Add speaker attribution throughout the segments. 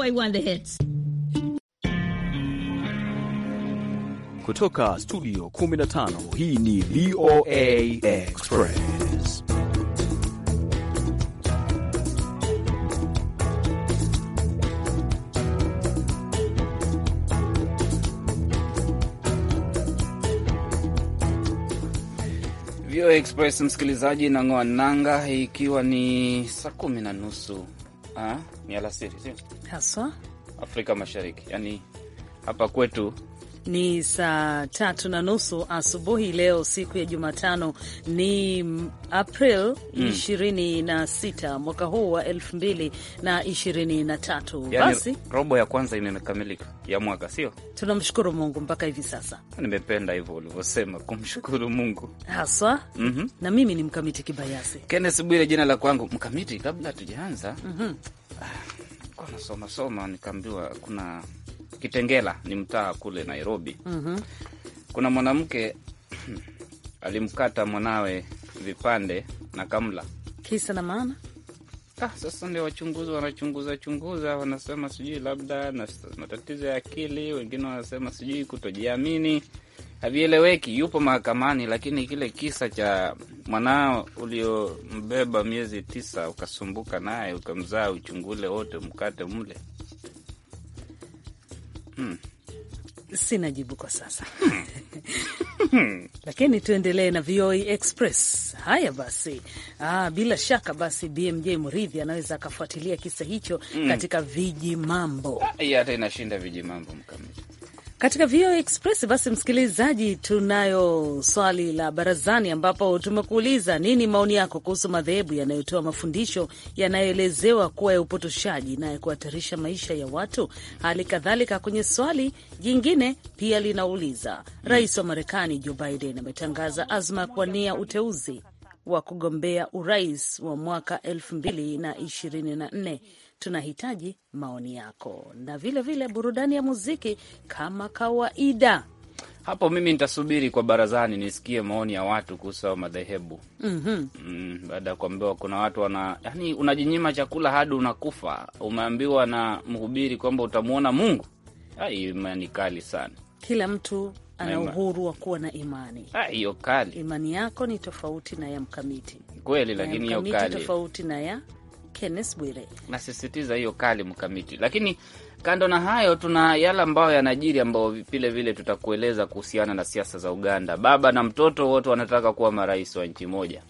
Speaker 1: I the hits.
Speaker 2: Kutoka studio 15 hii ni VOA Express.
Speaker 3: VOA Express msikilizaji, inang'oa nanga ikiwa ni saa kumi na nusu Ah, ni alasiri sio haswa Afrika Mashariki, yani hapa kwetu
Speaker 1: ni saa tatu na nusu asubuhi leo, siku ya Jumatano, ni April hmm. ishirini na sita mwaka huu wa elfu mbili na ishirini na tatu. Yani, basi
Speaker 3: robo ya kwanza imekamilika ya mwaka, sio?
Speaker 1: Tunamshukuru Mungu mpaka hivi sasa.
Speaker 3: Nimependa hivyo ulivyosema kumshukuru Mungu haswa. mm -hmm.
Speaker 1: Na mimi ni Mkamiti Kibayasi
Speaker 3: Kenes Bwire jina la kwangu. Mkamiti, kabla hatujaanza, mm -hmm. ah, nasoma nikaambiwa kuna Kitengela ni mtaa kule Nairobi. mm -hmm. Kuna mwanamke alimkata mwanawe vipande na kamla,
Speaker 1: kisa na maana
Speaker 3: Ah, sasa ndio wachunguzi wanachunguza chunguza, wanasema sijui labda na matatizo ya akili, wengine wanasema sijui kutojiamini, havieleweki. Yupo mahakamani, lakini kile kisa cha mwanao uliombeba miezi tisa ukasumbuka naye ukamzaa uchungule wote mkate mle Hmm.
Speaker 1: Sina jibu kwa sasa. Hmm. Hmm. Lakini tuendelee na VOA e Express. Haya basi, ah, bila shaka basi BMJ Mridhi anaweza akafuatilia kisa hicho mm, katika viji mambo.
Speaker 3: hata ah, inashinda viji mambo mkamiti
Speaker 1: katika VOA Express. Basi msikilizaji, tunayo swali la barazani, ambapo tumekuuliza nini maoni yako kuhusu madhehebu yanayotoa mafundisho yanayoelezewa kuwa ya upotoshaji na ya kuhatarisha maisha ya watu. Hali kadhalika kwenye swali jingine pia linauliza, rais wa Marekani Joe Biden ametangaza azma ya kuwania uteuzi wa kugombea urais wa mwaka elfu mbili na ishirini na nne tunahitaji maoni yako na vilevile vile burudani ya muziki kama kawaida. Hapo mimi
Speaker 3: nitasubiri kwa barazani nisikie maoni ya watu kuhusu madhehebu mm -hmm. Mm, baada ya kuambiwa kuna watu wana yani, unajinyima chakula hadi unakufa, umeambiwa na mhubiri kwamba utamwona Mungu. Imani kali sana.
Speaker 1: Kila mtu ana uhuru wa kuwa na imani hiyo kali. Imani yako ni tofauti na ya mkamiti
Speaker 3: kweli, lakini hiyo kali tofauti
Speaker 1: na ya Kenneth Bwire.
Speaker 3: Nasisitiza hiyo kali mkamiti, lakini kando na hayo tuna yale ambayo yanajiri, ambayo vile vile tutakueleza kuhusiana na siasa za Uganda. Baba na mtoto wote wanataka kuwa marais wa nchi moja.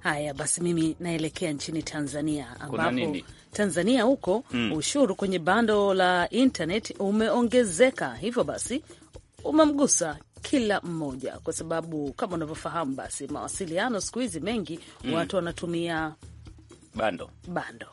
Speaker 1: Haya basi, mimi naelekea nchini Tanzania ambapo Tanzania huko hmm, ushuru kwenye bando la internet umeongezeka, hivyo basi umemgusa kila mmoja, kwa sababu kama unavyofahamu, basi mawasiliano siku hizi mengi hmm, watu wanatumia bando bando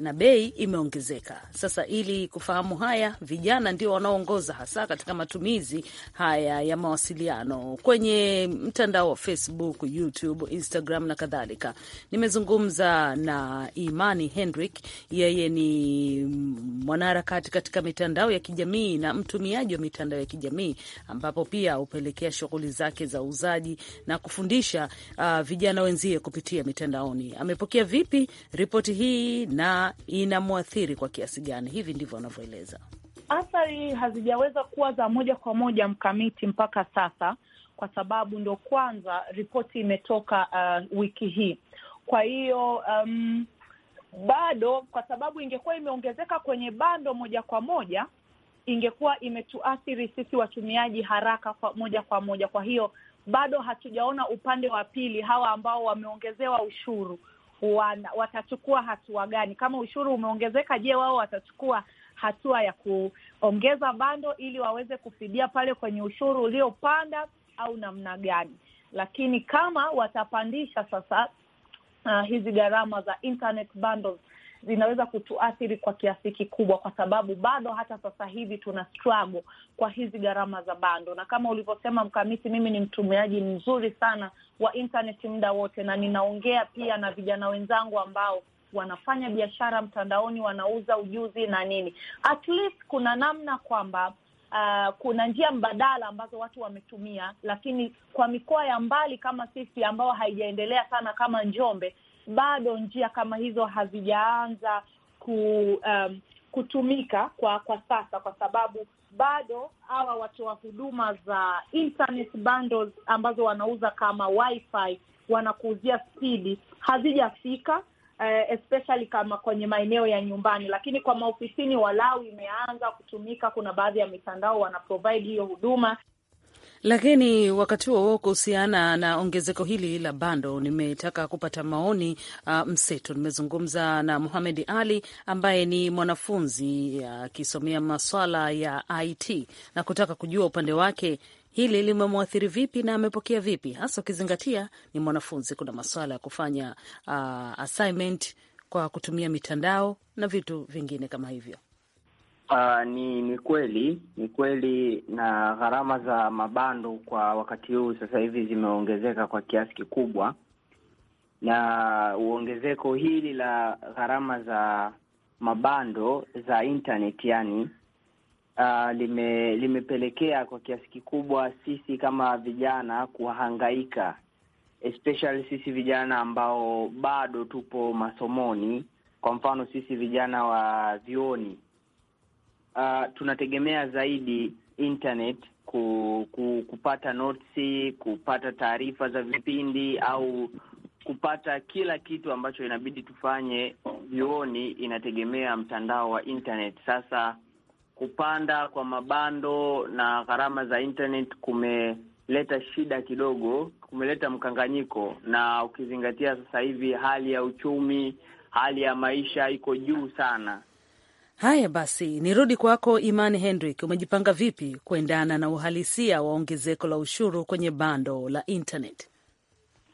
Speaker 1: na bei imeongezeka. Sasa ili kufahamu haya, vijana ndio wanaoongoza hasa katika matumizi haya ya mawasiliano kwenye mtandao wa Facebook, YouTube, Instagram na kadhalika. Nimezungumza na Imani Hendrick, yeye ni mwanaharakati katika mitandao ya kijamii na mtumiaji wa mitandao ya kijamii ambapo pia hupelekea shughuli zake za uuzaji na kufundisha uh, vijana wenzie kupitia mitandaoni. Amepokea vipi ripoti hii na inamwathiri kwa kiasi gani? Hivi ndivyo wanavyoeleza.
Speaker 4: Athari hazijaweza kuwa za moja kwa moja mkamiti mpaka sasa, kwa sababu ndo kwanza ripoti imetoka uh, wiki hii. Kwa hiyo um, bado kwa sababu ingekuwa imeongezeka kwenye bando moja kwa moja ingekuwa imetuathiri sisi watumiaji haraka kwa moja kwa moja. Kwa hiyo bado hatujaona upande wa pili, hawa ambao wameongezewa ushuru wana, watachukua hatua gani? Kama ushuru umeongezeka, je, wao watachukua hatua ya kuongeza bando ili waweze kufidia pale kwenye ushuru uliopanda au namna gani? Lakini kama watapandisha sasa uh, hizi gharama za internet bundles zinaweza kutuathiri kwa kiasi kikubwa, kwa sababu bado hata sasa hivi tuna struggle kwa hizi gharama za bando, na kama ulivyosema Mkamiti, mimi ni mtumiaji mzuri sana wa intaneti muda wote, na ninaongea pia na vijana wenzangu ambao wanafanya biashara mtandaoni, wanauza ujuzi na nini. At least kuna namna kwamba Uh, kuna njia mbadala ambazo watu wametumia, lakini kwa mikoa ya mbali kama sisi ambayo haijaendelea sana kama Njombe, bado njia kama hizo hazijaanza ku, um, kutumika kwa kwa sasa, kwa sababu bado hawa watoa huduma za internet bundles ambazo wanauza kama wifi wanakuuzia spidi hazijafika. Uh, especially kama kwenye maeneo ya nyumbani, lakini kwa maofisini walau imeanza kutumika. Kuna baadhi ya mitandao wana hiyo huduma.
Speaker 1: Lakini wakati huo kuhusiana na ongezeko hili la bando, nimetaka kupata maoni uh, mseto. Nimezungumza na Muhamed Ali ambaye ni mwanafunzi uh, akisomea uh, maswala ya IT na kutaka kujua upande wake hili limemwathiri vipi na amepokea vipi, hasa ukizingatia ni mwanafunzi. Kuna maswala ya kufanya uh, assignment kwa kutumia mitandao na vitu vingine kama hivyo.
Speaker 5: Uh, ni ni kweli ni kweli, na gharama za mabando kwa wakati huu sasa hivi zimeongezeka kwa kiasi kikubwa, na uongezeko hili la gharama za mabando za internet yani, uh, lime- limepelekea kwa kiasi kikubwa sisi kama vijana kuhangaika, especially sisi vijana ambao bado tupo masomoni, kwa mfano sisi vijana wa vioni uh, tunategemea zaidi internet ku, ku, kupata notisi, kupata taarifa za vipindi au kupata kila kitu ambacho inabidi tufanye vyuoni, inategemea mtandao wa internet. Sasa kupanda kwa mabando na gharama za internet kumeleta shida kidogo, kumeleta mkanganyiko, na ukizingatia sasa hivi hali ya uchumi, hali ya maisha iko juu sana
Speaker 1: Haya basi, nirudi kwako Imani Hendrik, umejipanga vipi kuendana na uhalisia wa ongezeko la ushuru kwenye bando la internet?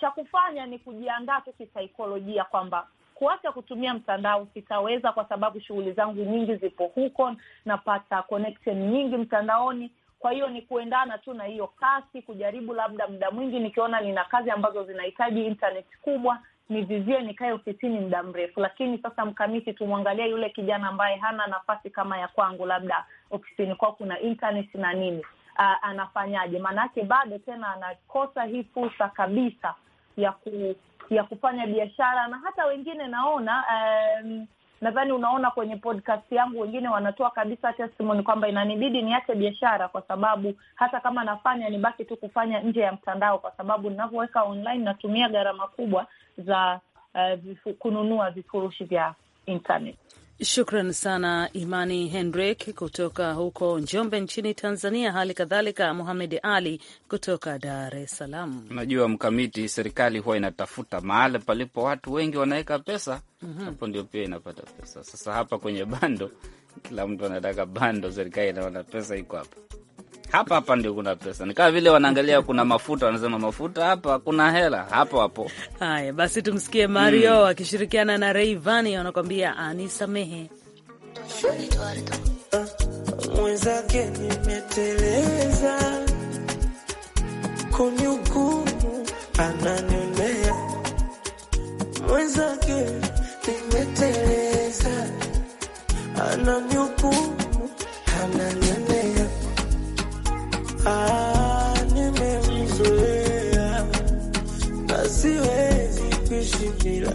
Speaker 4: Cha kufanya ni kujiandaa tu kisaikolojia kwamba kuacha kutumia mtandao sitaweza, kwa sababu shughuli zangu nyingi zipo huko, napata connection nyingi mtandaoni. Kwa hiyo ni kuendana tu na hiyo kasi, kujaribu labda muda mwingi nikiona nina kazi ambazo zinahitaji internet kubwa nivizie nikae ofisini muda mrefu, lakini sasa mkamiti, tumwangalia yule kijana ambaye hana nafasi kama ya kwangu, labda ofisini kwao kuna internet na nini, uh, anafanyaje? Maanake bado tena anakosa hii fursa kabisa ya ku, ya kufanya biashara, na hata wengine naona um, nadhani unaona kwenye podcast yangu wengine wanatoa kabisa testimony kwamba inanibidi niache biashara kwa sababu hata kama nafanya nibaki tu kufanya nje ya mtandao, kwa sababu ninavyoweka online natumia gharama kubwa za uh, vifu, kununua vifurushi vya internet.
Speaker 1: Shukran sana Imani Henrik kutoka huko Njombe nchini Tanzania, hali kadhalika Muhamed Ali kutoka Dar es Salaam.
Speaker 3: Unajua Mkamiti, serikali huwa inatafuta mahali palipo watu wengi wanaweka pesa mm -hmm. Hapo ndio pia inapata pesa. Sasa hapa kwenye bando, kila mtu anataka bando, serikali inaona pesa iko hapa hapa hapa ndio kuna pesa, ni kama vile wanaangalia kuna mafuta, wanasema mafuta hapa, kuna hela hapo hapo.
Speaker 1: Haya basi, tumsikie Mario mm, akishirikiana na Vani wanakwambia anisamehe
Speaker 6: mwenzake nimeteleza kunyukumu ananionea mwenzake nimeteleza anani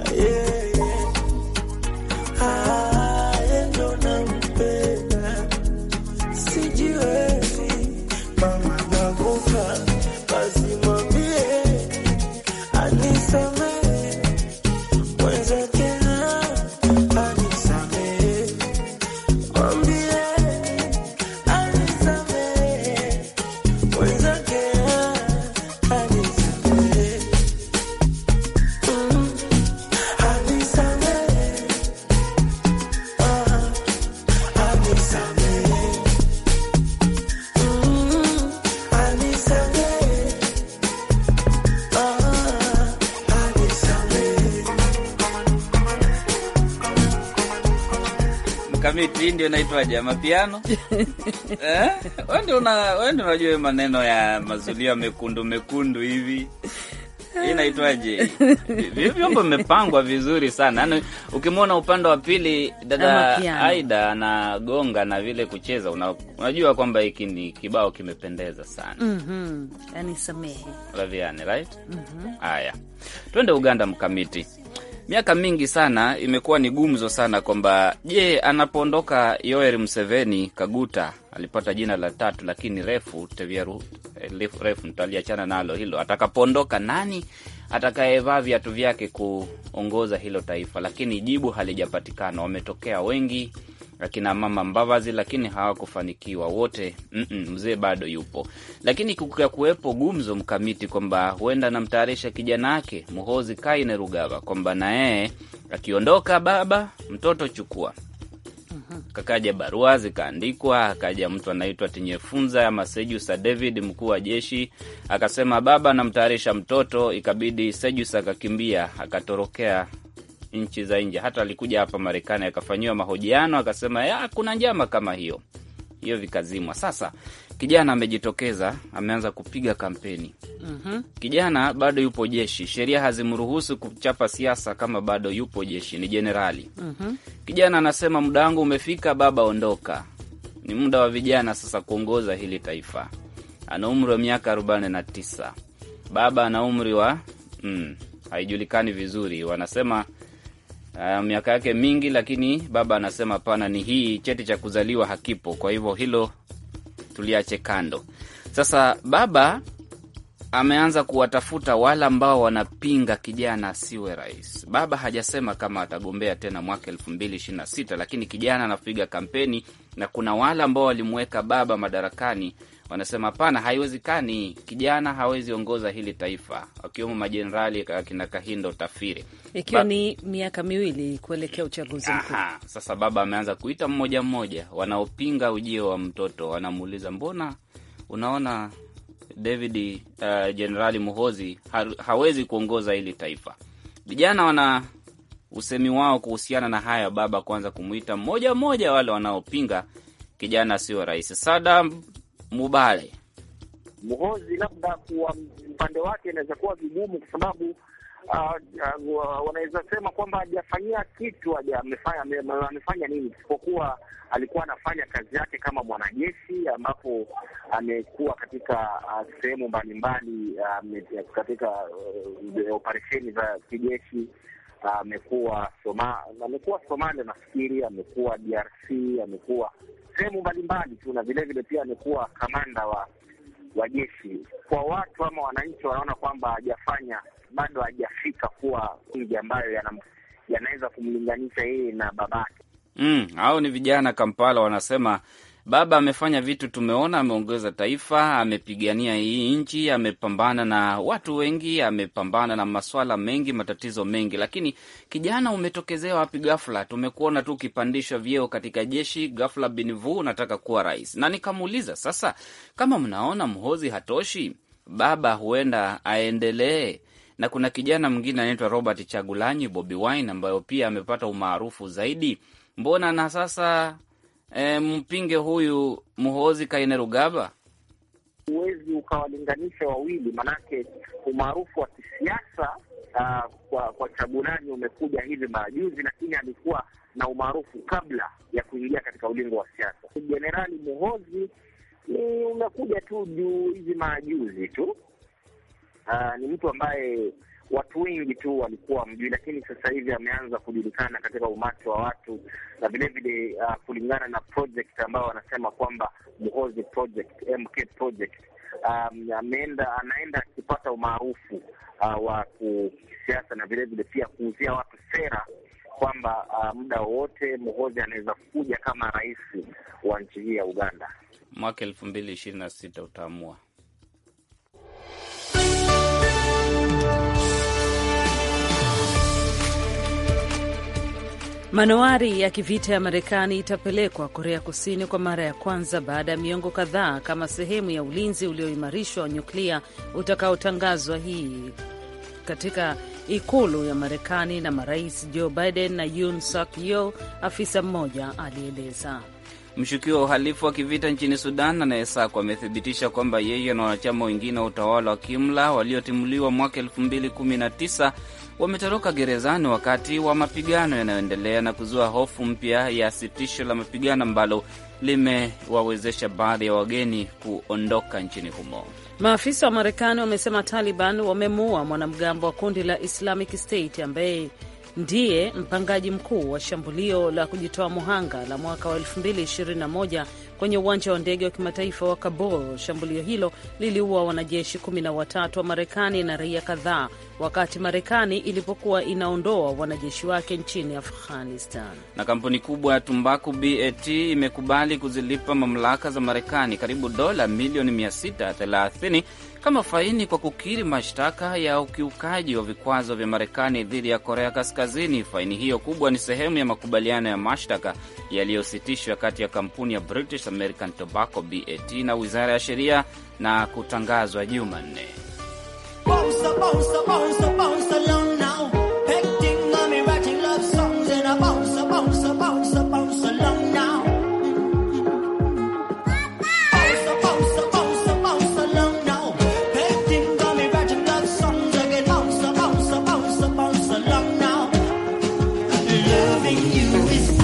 Speaker 6: yeah.
Speaker 3: Mkamiti hii ndio inaitwaje? Mapiano eh? wendi una unajua maneno ya mazulia mekundu mekundu hivi hii inaitwaje? Vyombo vimepangwa vizuri sana yaani, ukimwona upande wa pili dada Aida anagonga na vile kucheza, una, unajua kwamba hiki ni kibao kimependeza sana
Speaker 1: mm -hmm. Yani samehe
Speaker 3: laviani right mm -hmm. Haya, twende Uganda mkamiti miaka mingi sana imekuwa ni gumzo sana kwamba je, anapoondoka Yoweri Museveni, Kaguta alipata jina la tatu lakini refu teviaru, eh, refu tutaliachana nalo hilo. Atakapoondoka nani atakayevaa viatu vyake kuongoza hilo taifa? Lakini jibu halijapatikana, wametokea wengi akina mama Mbavazi, lakini hawakufanikiwa wote. mm -mm, mzee bado yupo, lakini kukia kuwepo gumzo mkamiti kwamba huenda anamtayarisha kijana yake Muhozi Kainerugaba kwamba na yeye akiondoka, baba mtoto chukua mhm. Kakaja barua zikaandikwa, akaja mtu anaitwa Tinyefunza ama Sejusa David, mkuu wa jeshi, akasema baba anamtayarisha mtoto. Ikabidi Sejusa akakimbia akatorokea nchi za nje. Hata alikuja hapa Marekani akafanyiwa mahojiano, akasema ya kuna njama kama hiyo hiyo, vikazimwa. Sasa kijana amejitokeza, ameanza kupiga kampeni mm -hmm. Kijana bado yupo jeshi, sheria hazimruhusu kuchapa siasa kama bado yupo jeshi, ni jenerali mm -hmm. Kijana anasema muda wangu umefika, baba ondoka, ni muda wa vijana sasa kuongoza hili taifa. Ana umri wa miaka na tisa. baba ana umri wa mm, haijulikani vizuri, wanasema uh, miaka yake mingi, lakini baba anasema pana, ni hii cheti cha kuzaliwa hakipo, kwa hivyo hilo tuliache kando. Sasa baba ameanza kuwatafuta wale ambao wanapinga kijana asiwe rais. Baba hajasema kama atagombea tena mwaka elfu mbili ishirini na sita, lakini kijana anapiga kampeni na kuna wale ambao walimweka baba madarakani wanasema hapana, haiwezekani, kijana hawezi ongoza hili taifa, wakiwemo majenerali akina Kahindo Tafiri,
Speaker 1: ikiwa ni miaka miwili kuelekea uchaguzi mkuu.
Speaker 3: Sasa baba ameanza kuita mmoja mmoja, wanaopinga ujio wa mtoto wanamuuliza, mbona unaona David uh, jenerali uh, Muhozi ha hawezi kuongoza hili taifa. Vijana wana usemi wao kuhusiana na haya, baba kwanza kumwita mmoja mmoja wale wanaopinga kijana sio rais. Sada Mubale
Speaker 7: Muhozi
Speaker 2: labda kwa upande wake inaweza kuwa vigumu kwa sababu Uh, uh, wanaweza sema kwamba hajafanyia kitu, amefanya amefanya nini isipokuwa alikuwa anafanya kazi yake kama mwanajeshi, ambapo amekuwa katika uh, sehemu mbalimbali uh, katika uh, operesheni za kijeshi amekuwa uh, Somalia, amekuwa Somalia nafikiri, amekuwa DRC, amekuwa sehemu mbalimbali tu, na vilevile pia amekuwa kamanda wa wa jeshi. Kwa watu ama wananchi wanaona kwamba hajafanya bado hajafika kuwa nje ambayo yanaweza kumlinganisha yeye na babake.
Speaker 3: Mm, hao ni vijana Kampala wanasema Baba amefanya vitu tumeona, ameongeza taifa, amepigania hii nchi, amepambana na watu wengi, amepambana na maswala mengi, matatizo mengi. Lakini kijana, umetokezea wapi ghafla? Tumekuona tu ukipandishwa vyeo katika jeshi, ghafla binvu unataka kuwa rais. Na nikamuuliza sasa, kama mnaona Mhozi hatoshi, baba huenda aendelee na kuna kijana mwingine anaitwa Robert Chagulanyi Bobi Wine, ambayo pia amepata umaarufu zaidi. Mbona na sasa e, mpinge huyu Muhozi Kainerugaba?
Speaker 2: Huwezi ukawalinganisha wawili, maanake umaarufu wa kisiasa uh, kwa, kwa Chagulani umekuja hivi majuzi, lakini alikuwa na umaarufu kabla ya kuingia katika ulingo wa siasa. Jenerali Muhozi ni mm, umekuja tu juu hivi majuzi tu. Uh, ni mtu ambaye watu wengi tu walikuwa mjui, lakini sasa hivi ameanza kujulikana katika umati wa watu, na vilevile uh, kulingana na project ambayo wanasema kwamba Muhozi project, MK project um, ameenda anaenda akipata umaarufu uh, wa kisiasa na vilevile pia kuuzia watu sera kwamba uh, muda wowote Muhozi anaweza kuja kama rais wa nchi hii ya Uganda.
Speaker 3: Mwaka elfu mbili ishirini na sita utaamua
Speaker 1: Manowari ya kivita ya Marekani itapelekwa Korea Kusini kwa mara ya kwanza baada ya miongo kadhaa kama sehemu ya ulinzi ulioimarishwa wa nyuklia utakaotangazwa hii katika ikulu ya Marekani na marais Joe Biden na Yoon Suk Yeol, afisa mmoja alieleza.
Speaker 3: Mshukiwa wa uhalifu wa kivita nchini Sudan anayesakwa amethibitisha kwamba yeye na wanachama wengine wa utawala wa kimla waliotimuliwa mwaka 2019 wametoroka gerezani wakati wa mapigano yanayoendelea na kuzua hofu mpya ya sitisho la mapigano ambalo limewawezesha baadhi ya wageni kuondoka nchini humo.
Speaker 1: Maafisa wa Marekani wamesema Taliban wamemuua mwanamgambo wa kundi la Islamic State ambaye ndiye mpangaji mkuu wa shambulio la kujitoa muhanga la mwaka wa 2021 kwenye uwanja wa ndege wa kimataifa wa Kabul. Shambulio hilo liliua wanajeshi 13 wa Marekani na raia kadhaa wakati Marekani ilipokuwa inaondoa wanajeshi wake nchini Afghanistan.
Speaker 3: Na kampuni kubwa ya tumbaku BAT imekubali kuzilipa mamlaka za Marekani karibu dola milioni 630 kama faini kwa kukiri mashtaka ya ukiukaji wa vikwazo vya Marekani dhidi ya Korea Kaskazini. Faini hiyo kubwa ni sehemu ya makubaliano ya mashtaka yaliyositishwa kati ya kampuni ya British American Tobacco BAT na wizara ya sheria na kutangazwa Jumanne.
Speaker 6: loving you is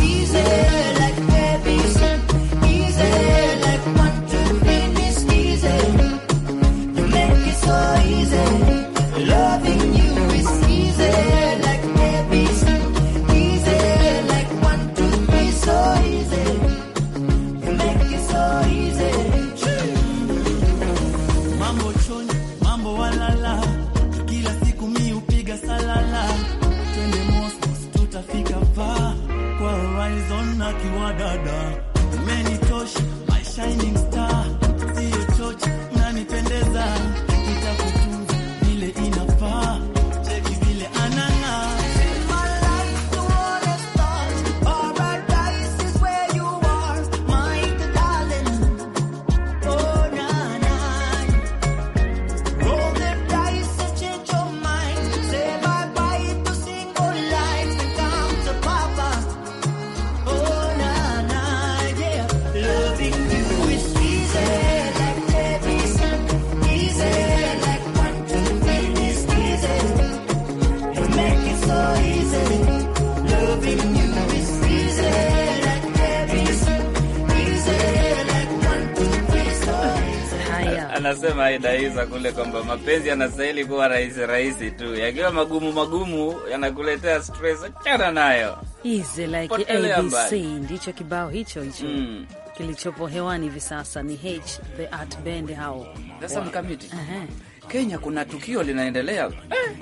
Speaker 3: Maida Isa kule kwamba mapenzi yanastahili kuwa rahisi rahisi tu, yakiwa magumu magumu yanakuletea stress, achana nayo.
Speaker 1: Easy like ABC ndicho kibao hicho hicho mm. Kilichopo hewani hivi sasa ni H the Art Band hao. Sasa mkamiti uh -huh.
Speaker 3: Kenya kuna tukio linaendelea eh.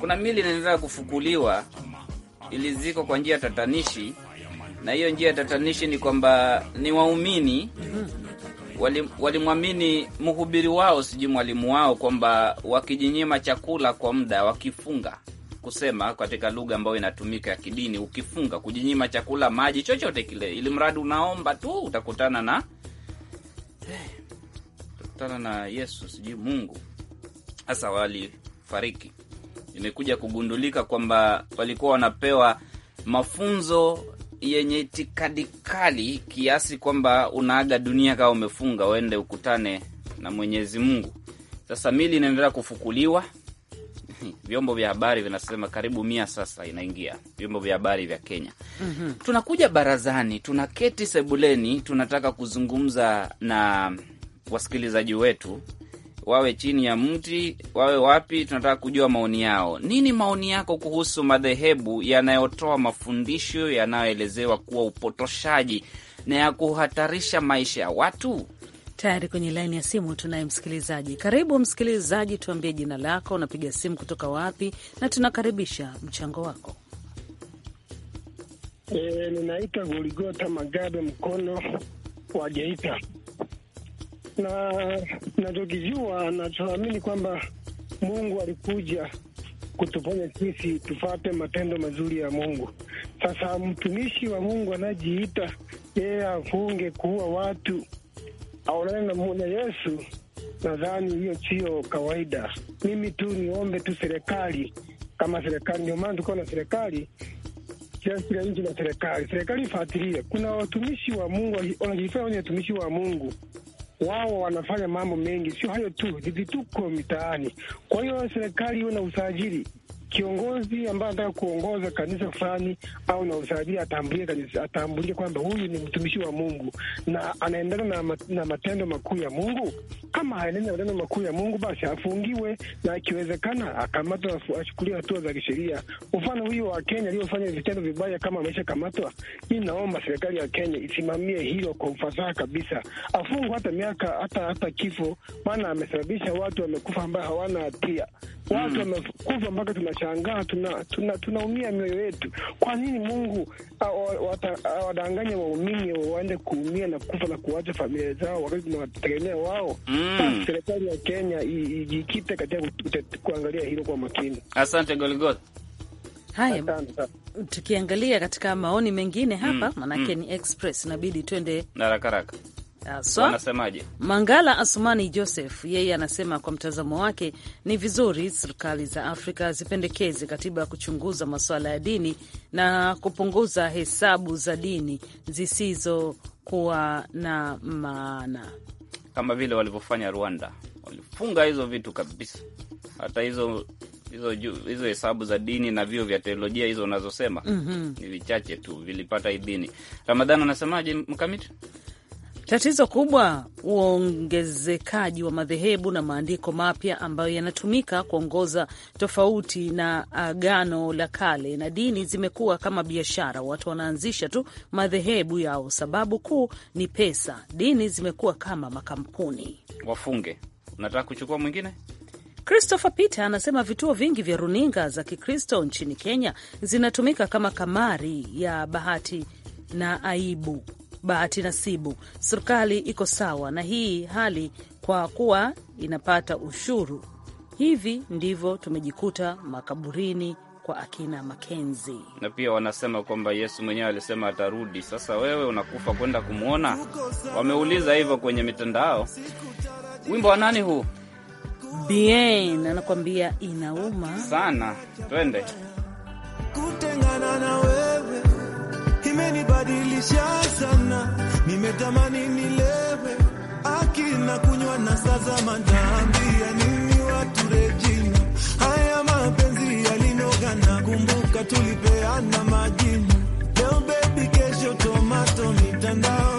Speaker 3: Kuna mili inaendelea kufukuliwa iliziko kwa njia tatanishi, na hiyo njia tatanishi ni kwamba ni waumini mm -hmm walimwamini wali mhubiri wao, sijui mwalimu wao, kwamba wakijinyima chakula kwa muda, wakifunga kusema katika lugha ambayo inatumika ya kidini, ukifunga, kujinyima chakula, maji, chochote kile, ili mradi unaomba tu, utakutana na eh, utakutana na Yesu sijui Mungu. Sasa walifariki. Imekuja kugundulika kwamba walikuwa wanapewa mafunzo yenye itikadi kali kiasi kwamba unaaga dunia kama umefunga, uende ukutane na Mwenyezi Mungu. Sasa mili inaendelea kufukuliwa vyombo vya habari vinasema karibu mia sasa inaingia vyombo vya habari vya Kenya. mm -hmm. Tunakuja barazani, tunaketi sebuleni, tunataka kuzungumza na wasikilizaji wetu wawe chini ya mti, wawe wapi, tunataka kujua maoni yao. Nini maoni yako kuhusu madhehebu yanayotoa mafundisho yanayoelezewa kuwa upotoshaji na ya kuhatarisha maisha ya watu?
Speaker 1: Tayari kwenye laini ya simu tunaye msikilizaji. Karibu msikilizaji, tuambie jina lako, unapiga simu kutoka wapi, na tunakaribisha mchango wako.
Speaker 8: E, ninaita Goligota Magabe Mkono wa Geita
Speaker 1: na nachokijua,
Speaker 8: nachoamini kwamba Mungu alikuja kutufanya sisi tufate matendo mazuri ya Mungu. Sasa mtumishi wa Mungu anajiita yeye afunge kuua watu aonane na mmoja Yesu, nadhani hiyo sio kawaida. Mimi tu niombe tu serikali kama serikali, ndio maana tukiwa na serikali kiasi la nchi na serikali, serikali ifuatilie. Kuna watumishi wa Mungu wanajifanya wenye watumishi wa Mungu, wao wanafanya mambo mengi, sio hayo tu, ni vituko mitaani. Kwa hiyo serikali iwe na usajili kiongozi ambaye anataka kuongoza kanisa fulani au na usaidia atambulie atambulie kwamba huyu ni mtumishi wa Mungu na anaendana na, mat, na matendo makuu ya Mungu. Kama haendani na matendo makuu ya Mungu, basi afungiwe na ikiwezekana akamatwa, achukuliwe hatua za kisheria. Mfano huyo wa Kenya aliyofanya vitendo vibaya, kama ameshakamatwa, mi naomba serikali ya Kenya isimamie hilo kwa ufasaha kabisa, afungwe hata miaka hata hata kifo, maana amesababisha watu wamekufa ambao hawana hatia, watu hmm. wamekufa mpaka tunasha tunashangaa, tunaumia tuna, tuna mioyo yetu. Kwa nini Mungu awadanganye waumini waende kuumia na kufa na kuwacha familia zao wakati tunawategemea wao? Mm. Serikali ya Kenya ijikite katika kuangalia hilo kwa makini.
Speaker 3: Asante Golgot.
Speaker 1: Haya, tukiangalia katika maoni mengine hapa, mm, manake mm, ni express inabidi twende haraka haraka. So, wanasemaje? Mangala Asumani Joseph yeye anasema kwa mtazamo wake ni vizuri serikali za Afrika zipendekeze katiba ya kuchunguza masuala ya dini na kupunguza hesabu za dini zisizokuwa na maana
Speaker 3: kama vile walivyofanya Rwanda, walifunga hizo vitu kabisa, hata hizo hizo hizo hesabu za dini na vio vya teolojia hizo unazosema, mm -hmm. ni vichache tu vilipata idhini. Ramadhani anasemaje
Speaker 1: mkamiti? Tatizo kubwa uongezekaji wa madhehebu na maandiko mapya ambayo yanatumika kuongoza tofauti na Agano la Kale, na dini zimekuwa kama biashara. Watu wanaanzisha tu madhehebu yao, sababu kuu ni pesa. Dini zimekuwa kama makampuni.
Speaker 3: Wafunge. Unataka kuchukua mwingine?
Speaker 1: Christopher Peter anasema vituo vingi vya runinga za Kikristo nchini Kenya zinatumika kama kamari ya bahati na aibu bahati nasibu. Serikali iko sawa na hii hali kwa kuwa inapata ushuru. Hivi ndivyo tumejikuta makaburini kwa akina Makenzi.
Speaker 3: Na pia wanasema kwamba Yesu mwenyewe alisema atarudi. Sasa wewe unakufa kwenda kumwona? Wameuliza hivyo kwenye mitandao. Wimbo wa nani huu?
Speaker 1: Bien anakuambia inauma sana, twende
Speaker 9: kutengana nawe imenibadilisha sana, nimetamani nilewe akina kunywa na saza mataambia nini watu rejina, haya mapenzi yalinoga na kumbuka tulipeana majina, leo bebi, kesho tomato mitandao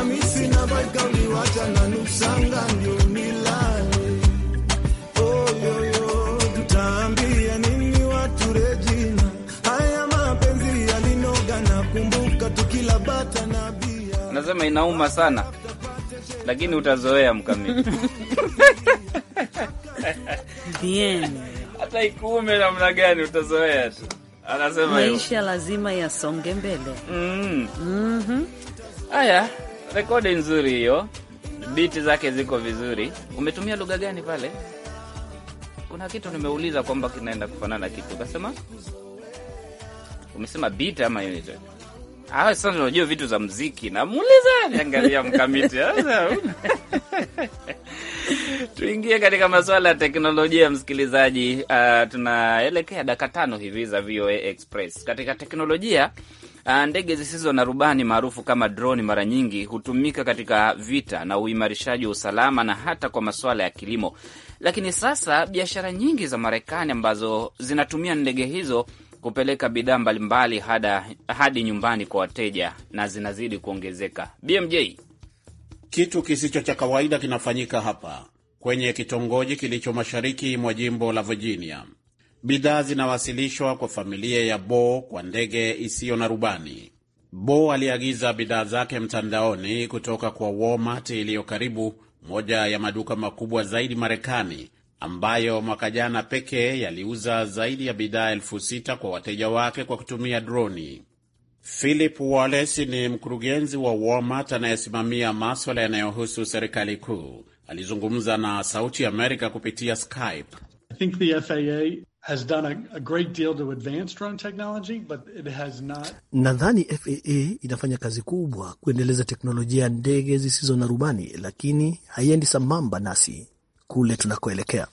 Speaker 9: Hamisi na na nusanga ndio nilale. Oh, yo, yo, tutaambia nini watu Haya mapenzi yalinoga na kumbuka tukila bata na
Speaker 3: bia. Nasema inauma sana lakini utazoea mkamiti. ikume Hata ikuume namna gani utazoea tu. Anasema maisha
Speaker 1: lazima yasonge mbele. Mm. mm -hmm. Aya,
Speaker 3: Rekodi nzuri hiyo, biti zake ziko vizuri. Umetumia lugha gani pale? Kuna kitu nimeuliza kwamba kinaenda kufanana kitu, ukasema umesema biti ama unit. Ah, sasa unajua vitu za mziki namuuliza niangalia mkamiti Tuingie katika masuala ya teknolojia, msikilizaji. Uh, tunaelekea dakika tano hivi za VOA Express. Katika teknolojia uh, ndege zisizo na rubani maarufu kama droni mara nyingi hutumika katika vita na uimarishaji wa usalama na hata kwa masuala ya kilimo, lakini sasa biashara nyingi za Marekani ambazo zinatumia ndege hizo kupeleka bidhaa mbalimbali hadi nyumbani kwa wateja
Speaker 7: na zinazidi kuongezeka. BMJ kitu kisicho cha kawaida kinafanyika hapa kwenye kitongoji kilicho mashariki mwa jimbo la Virginia. Bidhaa zinawasilishwa kwa familia ya Bo kwa ndege isiyo na rubani. Bo aliagiza bidhaa zake mtandaoni kutoka kwa Walmart iliyo karibu, moja ya maduka makubwa zaidi Marekani, ambayo mwaka jana pekee yaliuza zaidi ya bidhaa elfu sita kwa wateja wake kwa kutumia droni. Philip Wallace ni mkurugenzi wa Walmart anayesimamia maswala yanayohusu serikali kuu. Alizungumza na Sauti Amerika kupitia Skype.
Speaker 8: I think the FAA has done a, a great deal to advance drone technology, but it has not... Nadhani FAA inafanya kazi kubwa kuendeleza teknolojia ya ndege zisizo na rubani, lakini haiendi sambamba
Speaker 5: nasi kule tunakoelekea.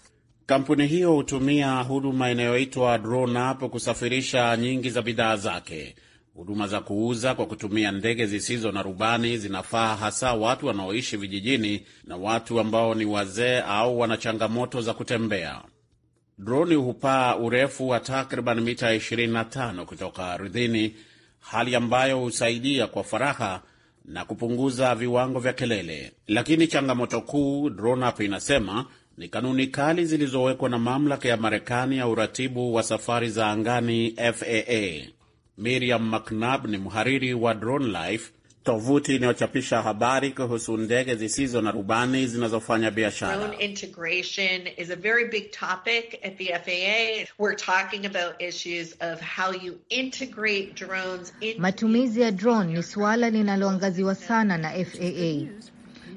Speaker 7: Kampuni hiyo hutumia huduma inayoitwa DroneUp kusafirisha nyingi za bidhaa zake. Huduma za kuuza kwa kutumia ndege zisizo na rubani zinafaa hasa watu wanaoishi vijijini na watu ambao ni wazee au wana changamoto za kutembea. Droni hupaa urefu wa takriban mita 25 kutoka ardhini, hali ambayo husaidia kwa faraha na kupunguza viwango vya kelele. Lakini changamoto kuu, DroneUp inasema, ni kanuni kali zilizowekwa na mamlaka ya Marekani ya uratibu wa safari za angani FAA. Miriam McNab ni mhariri wa Drone Life, tovuti inayochapisha habari kuhusu ndege zisizo na rubani zinazofanya biashara.
Speaker 1: Matumizi ya drone ni suala linaloangaziwa sana na FAA.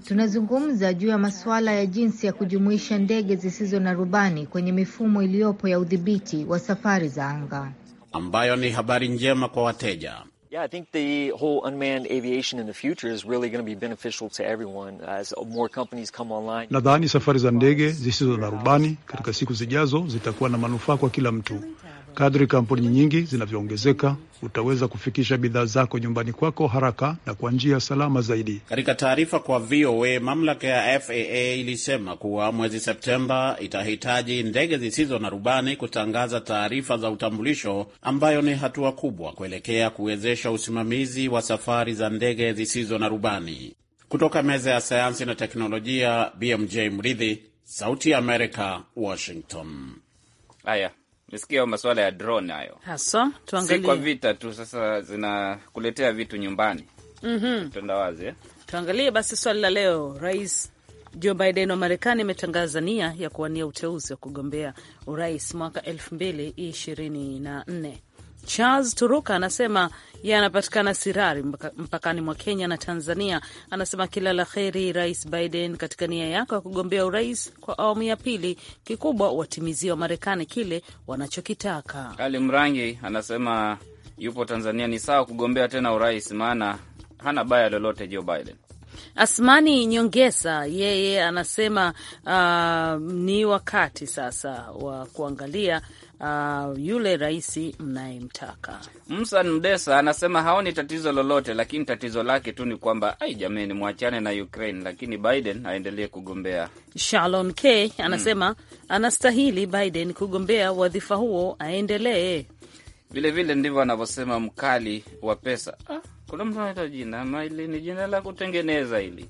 Speaker 1: Tunazungumza juu ya masuala ya jinsi ya kujumuisha ndege zisizo na rubani kwenye mifumo iliyopo ya udhibiti wa
Speaker 7: safari za anga ambayo ni habari njema kwa wateja. Yeah, I think the whole
Speaker 2: unmanned aviation in the future is really going to be beneficial to everyone uh, as more companies come online.
Speaker 9: Nadhani safari za ndege zisizo na rubani katika siku zijazo zitakuwa na manufaa kwa kila mtu. Kadri kampuni nyingi zinavyoongezeka, utaweza kufikisha bidhaa zako nyumbani kwako haraka na kwa njia salama zaidi.
Speaker 7: Katika taarifa kwa VOA, mamlaka ya FAA ilisema kuwa mwezi Septemba itahitaji ndege zisizo na rubani kutangaza taarifa za utambulisho, ambayo ni hatua kubwa kuelekea kuwezesha usimamizi wa safari za ndege zisizo na rubani. Kutoka meza ya sayansi na teknolojia, BMJ Mridhi, Sauti ya Amerika, Washington. Aya, Nisikia
Speaker 3: masuala ya drone hayo
Speaker 1: hasa, tuangalie si kwa
Speaker 3: vita tu, sasa zinakuletea vitu nyumbani. mm -hmm. Tenda wazi eh?
Speaker 1: Tuangalie basi swali la leo. Rais Joe Biden wa Marekani ametangaza nia ya kuwania uteuzi wa kugombea urais mwaka elfu mbili ishirini na nne Charles Turuka anasema anapatikana Sirari mpakani mwa Kenya na Tanzania. Anasema kila la heri Rais Biden katika nia yako ya kugombea urais kwa awamu ya pili. Kikubwa watimizia wa Marekani kile wanachokitaka.
Speaker 3: Ali Mrangi anasema yupo Tanzania, ni sawa kugombea tena urais, maana hana baya lolote Joe Biden.
Speaker 1: Asmani Nyongesa yeye anasema uh, ni wakati sasa wa kuangalia uh, yule rais mnayemtaka.
Speaker 3: Msan Mdesa anasema haoni tatizo lolote, lakini tatizo lake tu ni kwamba ai, jameni, mwachane na Ukraine, lakini Biden aendelee kugombea.
Speaker 1: Shalon K anasema hmm, anastahili Biden kugombea wadhifa huo, aendelee
Speaker 3: vilevile. Ndivyo anavyosema mkali wa pesa. Ah,
Speaker 1: kuna mtu anaita
Speaker 3: jina maili, ni jina la kutengeneza hili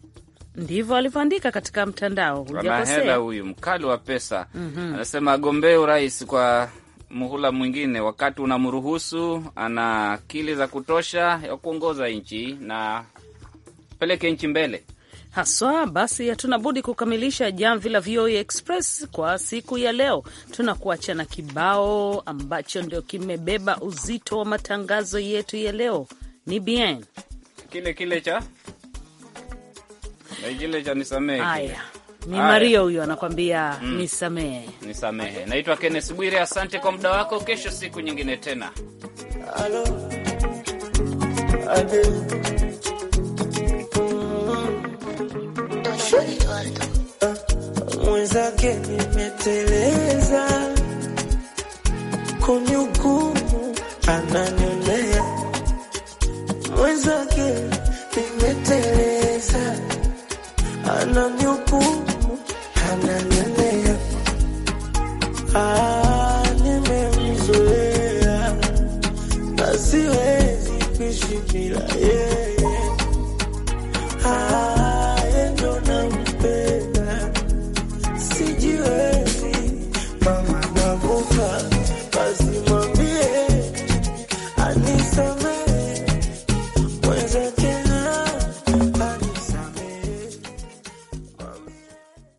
Speaker 1: ndivyo alivyoandika katika mtandao. Hujapokea hela
Speaker 3: huyu mkali wa pesa mm -hmm. Anasema agombee urais kwa muhula mwingine, wakati unamruhusu, ana akili za kutosha ya kuongoza nchi
Speaker 1: na peleke nchi mbele haswa. Basi hatuna budi kukamilisha jamvi la VOA Express kwa siku ya leo. Tunakuacha na kibao ambacho ndio kimebeba uzito wa matangazo yetu ya leo. Ni bien
Speaker 3: kile kile cha kile cha nisamehe.
Speaker 1: Ni Mario huyo anakwambia mm. Nisamehe,
Speaker 3: nisamehe. Naitwa kennes Bwire, asante kwa muda wako. Kesho siku nyingine tena.
Speaker 6: Hello. Mwenzake nimeteleza kunihukumu anani